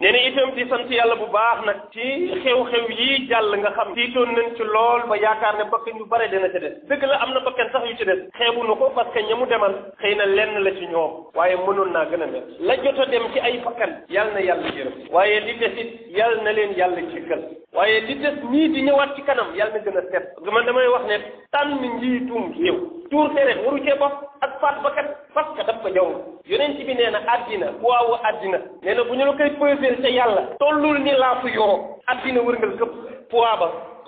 nee na itam di sant yàlla bu baax nag ci xew-xew yii jàll nga xam tiitoon nañ ci lool ba yaakaar ne bakkan yu bare dina ci des dëgg la am na bakkan sax yu ci des xeebu nu ko parce que ña mu demal xëy na lenn la ci ñoom waaye mënoon naa gën a mel la jot a dem ci ay bakkan yàlla na yàlla yërëm waaye li des it yàlla na leen yàlla jéggal waaye li des nii di ñëwaat ci kanam yàlla na gën a set man damay wax ne tànn njiitum réew tuur seret waru cee bopp ak faat bakkat parce que daf ko jaww yonent bi nee na addina waawu addina nee bu ñu la koy peser ca yàlla tollul ni laafu yoro addina wërngal këpp poids ba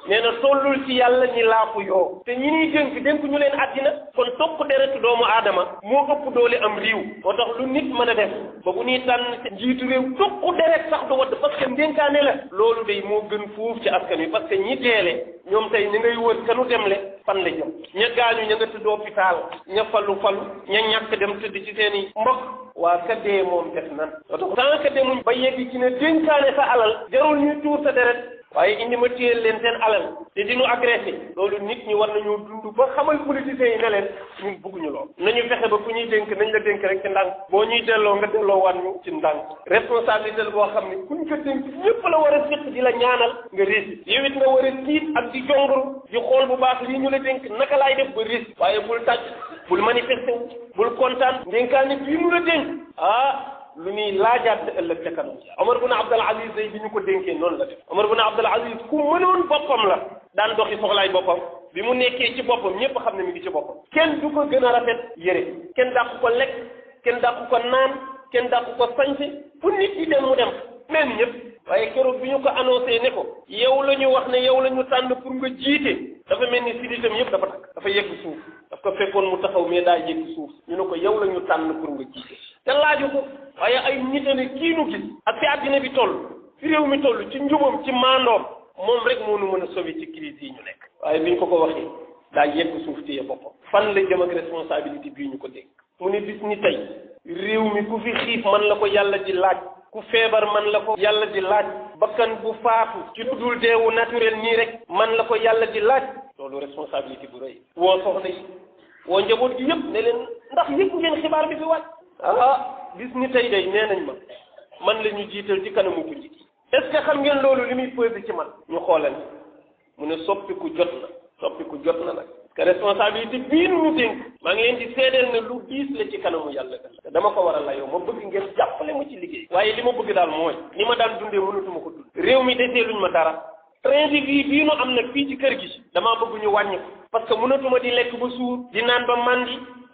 nee na tollul ci yàlla ñi laafu yoo te ñi ñuy dénk dénk ñu leen àddina kon topp deret doomu aadama moo ëpp doole am réew moo tax lu nit mën a def ba bu ñuy tànn njiitu réew topp deret sax du wadd parce que ndénkaane la loolu day moo gën fuuf ci askan wi parce que ñi teele ñoom tey ni ngay wër kanu demle fan la jëm ña gaañu ña nga tëdd hôpital ña falu falu ña ñàkk dem tëdd ci seen i mbokk waa ka moom def nan moo tax tant que demuñ ba yegg ci ne waaye indi ma téyel leen seen alal te dinu agressé loolu nit ñi war nañu dund ba xamal politiciens yi ne leen ñun bëgguñu lool nañu fexe ba ku ñuy dénk nañ la dénk rek ci ndànk boo ñuy delloo nga delloo waan ñu ci ndànk responsabilité la boo xam ne kuñ ko dénk ñëpp la war a séq di la ñaanal nga réussir yow it nga war a tiit ak di jongru di xool bu baax lii ñu la dénk naka laay def ba réussir waaye bul tàcc bul manifester bul kontaan ndénkaane bii mu la dénk ah lu ñuy ëlëk ëllëg ca kanam Omar bun Abdul day bi ñu ko dénkee noonu la def Omar bun Abdul ku mënoon boppam la daan doxi soxlaay boppam bi mu nekkee ci boppam ñépp xam ne mi ngi ci boppam kenn du ko gën a rafet yére kenn dàqu ko lekk kenn dàqu ko naan kenn dàqu ko sañse fu nit yi dem mu dem même ñëpp waaye keroog bi ñu ko annoncé ne ko yow la ñu wax ne yow la ñu tànn pour nga jiite dafa mel ni siditam yëpp dafa takk dafa yegg suuf daf ko fekkoon mu taxaw mais daa yegg suuf ñu ne ko yow la ñu tànn pour nga jiite te laaju ko waaye ay nitale kii nu gis ak fi àddina bi toll fi réew mi toll ci njubam ci maandoom moom rek moo nu mën a sauver ci crise yi ñu nekk waaye bi ñu ko ko waxee daa yegg suuf téye boppam fan la jëm ak responsabilité bii ñu ko dégg mu ne bis ni tey réew mi ku fi xiif man la ko yàlla di laaj ku feebar man la ko yàlla di laaj bakkan bu faatu ci dudul deewu naturel nii rek man la ko yàlla di laaj loolu responsabilité bu rëy woo soxna yi woo njaboot bis ni tey day nee nañ ma man la ñu jiital ci kanamu guddi gi est-ce que xam ngeen loolu li muy pesé ci man ñu xoolal mu ne soppiku jot na ku jot na nag que responsabilité bii nu ñu dénk maa ngi leen di seedeel ne lu diis la ci kanamu yàlla te dama ko war a la layoo ma bëgg ngeen jàppale mu ci liggéey waaye li ma bëgg daal mooy ni ma daan dundee mënatuma ko dund réew mi desee luñ ma dara train de vie bii nu am nag fii ci kër gi damaa bëgg ñu wàññi ko parce di lekk ba suur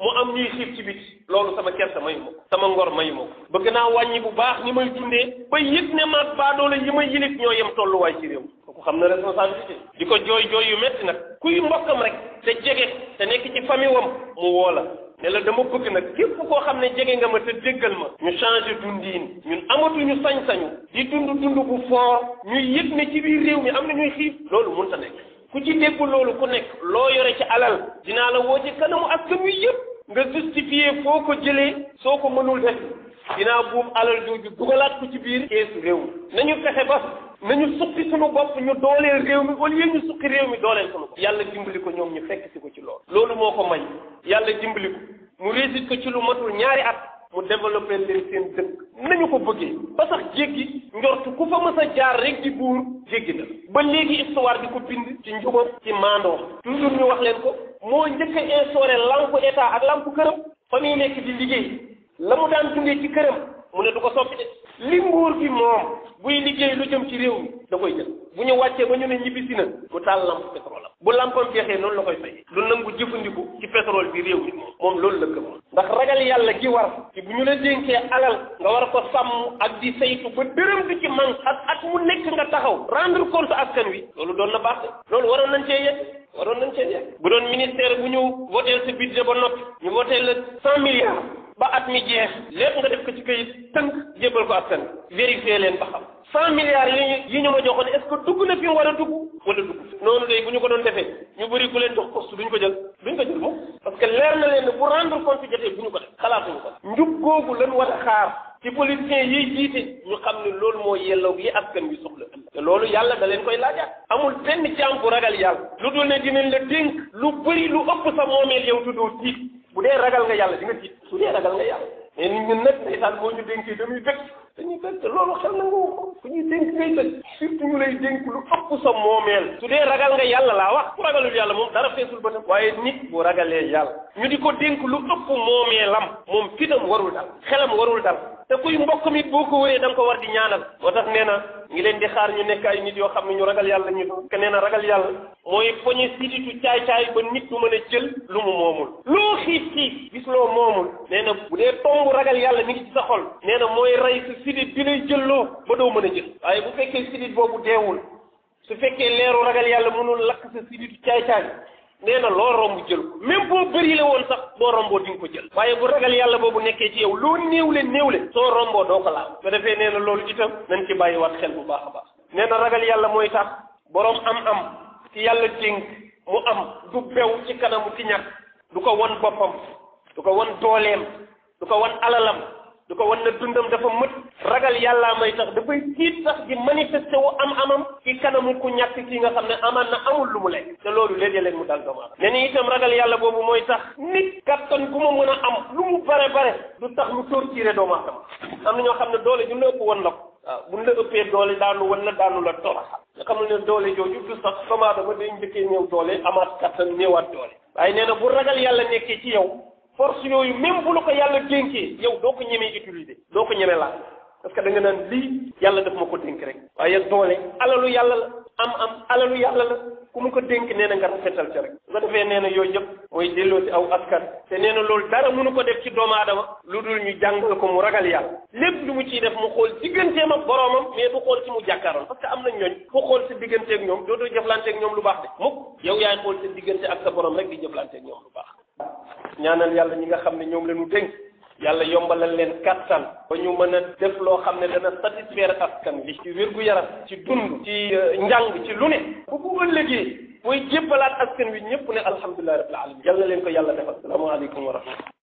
mu am ñuy xiif ci biti loolu sama kersa mayu ma ko sama ngor mayu ma ko bëgg naa wàññi bu baax ni may dundee ba yëg ne maag baadoole yi may yilif ñoo yem tolluwaay ci réew kooku xam na responsabilité di ko jooy jooy yu metti nag kuy mbokkam rek te jege te nekk ci famille wam mu woo la ne la dama bëgg nag képp koo xam ne jege nga ma te déggal ma ñu changer dundiin ñun ñu sañ-sañu di dund dund bu fort ñuy yëg ne ci biir réew mi am na ñuy xiif loolu mënta nekk ku ci dégg loolu ku nekk loo yore ci alal dinaa la woo ci kanamu askan wi yëpp nga justifié foo ko jëlee soo ko mënul def dinaa buum alal jooju dugalaat ko ci biir keesu réew mi nañu fexe ba na nañu suqi sunu bopp ñu dooleel réew mi au lieu ñu suqi réew mi dooleel sunu bopp yàlla dimbali ko ñoom ñu fekk si ko ci loolu loolu moo ko may yàlla dimbali ko mu réussite ko ci lu matul ñaari at mu développé leen seen dëkk nañu ko bëggee ba sax jéggi njortu ku fa mës a jaar rek di buur jéggi na ba léegi histoire di ko bind ci njubam ci wax leen ko moo njëkk a instauré lampu état ak lampu këram fa muy nekk di liggéey la mu daan dundee ci këram mu ne du ko soppi de li nguur gi moom buy liggéey lu jëm ci réew mi da koy jël bu ñu wàccee ba ñu ne ñibbisi na mu taal lamp pétrole am bu lampam jeexee noonu la koy fay lu nangu jëfandiku ci pétrole bi réew mi moom loolu la gëmoon ndax ragal yàlla gi war ci bu ñu la dénkee alal nga war ko sàmm ak di saytu ba dërëm bi ci man ak at mu nekk nga taxaw rendre compte askan wi loolu na baax waroon nañ cee yegg bu doon ministère bu ñëw voté sa budget ba noppi ñu voté la cent milliards ba at mi jeex lépp nga def ko ci kayit tënk jébbal ko askan vérifier leen ba xam cent milliards yi ñu yi ñu ma joxoon est-ce que dugg na fi mu a dugg wala dugg noonu day bu ñu ko doon defee ñu bëri ku leen jox poste duñ ko jël duñ ko jël moom parce que leer na leen ne bu rendre compte jotee bu ñu ko def xalaatuñu ko njub googu lañ war a xaar ci politiciens yiy jiite ñu xam ne loolu moo yelloog li askan wi te loolu yàlla da leen koy laajaat amul benn jaam bu ragal yàlla lu dul ne dinañ la dénk lu bëri lu ëpp sa moomeel yow tuddoo tiit bu dee ragal nga yàlla di nga tiit su dee ragal nga yàlla mais nit ñun nag ndeysaan boo ñu dénkee dañuy dëkk dañuy dëkk loolu xel na nga ko ku ñuy dénk ngay dëkk surtout ñu lay dénk lu ëpp sa moomeel su dee ragal nga yàlla laa wax ku ragalul yàlla moom dara feesul ba tam waaye nit bu ragalee yàlla ñu di ko dénk lu ëpp moomeelam moom fitam warul dal xelam warul dal te kuy mbokk mi boo ko wëree da ko war di ñaanal moo tax nee na ngi leen di xaar ñu nekk ay nit yoo xam ne ñu ragal yàlla ñu ko nee ragal yàlla mooy poñe siditu caay-caay ba nit du mën a xiif xiif gisloo moomul nee na bu dee tomb ragal yàlla mi ngi sa xol nee na mooy rey sa sidit bi lay jëlloo ba doo mën a jël waaye bu fekkee sidit boobu deewul su fekkee leeru ragal yàlla mënul lakk sa siditu caay-caay nee na loo romb jël ko boo bëri la woon sax boo romboo di nga ko jël waaye bu ragal yàlla boobu nekkee ci yow loo néewle néewle soo romboo doo ko laal su defee nee na loolu itam nañ ci bàyyiwaat xel bu baax a baax nee na ragal yàlla mooy tax boroom am am ci yàlla dénk mu am du bew ci du ko won boppam du ko wan dooleem du ko won alalam du ko won na dundam dafa mët ragal yàlla may tax dafay tiit sax di manifesté wu am amam ci kanamu ku kii nga xam ne amaan na amul lu mu lekk te loolu léeg-léeg mu dal doomu aadama ne ni itam ragal yàlla boobu mooy tax nit kattan gu ma mën a am lu mu bare bare du tax mu torturé doomu aadama am na ñoo xam ne doole ju lépp won la ko waaw buñ la ëppee doole daanu wan na daanu la toroxal xam xamul ne doole jooju du sax doomu aadama day njëkkee néew doole amaat kattan néewaat doole waaye nee na bu ragal yàlla nekkee ci yow force yooyu même bu la ko yàlla dénkee yow doo ko ñemee utiliser doo ko ñeme laa parce que da nga naan lii yàlla daf ma ko dénk rek waaye doole alalu yàlla la am am alalu yàlla la ku mu ko dénk nee na nga rafetal ca rek su ko defee nee na yooyu yëpp mooy delloo si aw askan te nee loolu dara mënu ko def ci doomu adama lu dul ñu jàngal ko mu ragal yàlla lépp lu mu ciy def mu xool digganteem ak boroomam mais du xool si mu jàkkaaroon parce que am na ñooñ ku xool sa digganteeg ñoom dootoo jëflanteeg ñoom lu baax de mukk yow yaay xool sa diggante ak sa boroom rek di jëflanteeg ñoom lu baax ñaanal yàlla ñi nga xam ne ñoom la ñu dénk yàlla yombalal leen kattan ba ñu mën a def loo xam ne dana satisfaire askan bi ci wér gu yaram ci dund ci euh, njàng ci lu ne bu bu ëllëgee mooy jébbalaat askan bi ñëpp ne alhamdulilah rabbil alamin yal na leen ko yàlla defal salaamaaleykum wa rahmatullah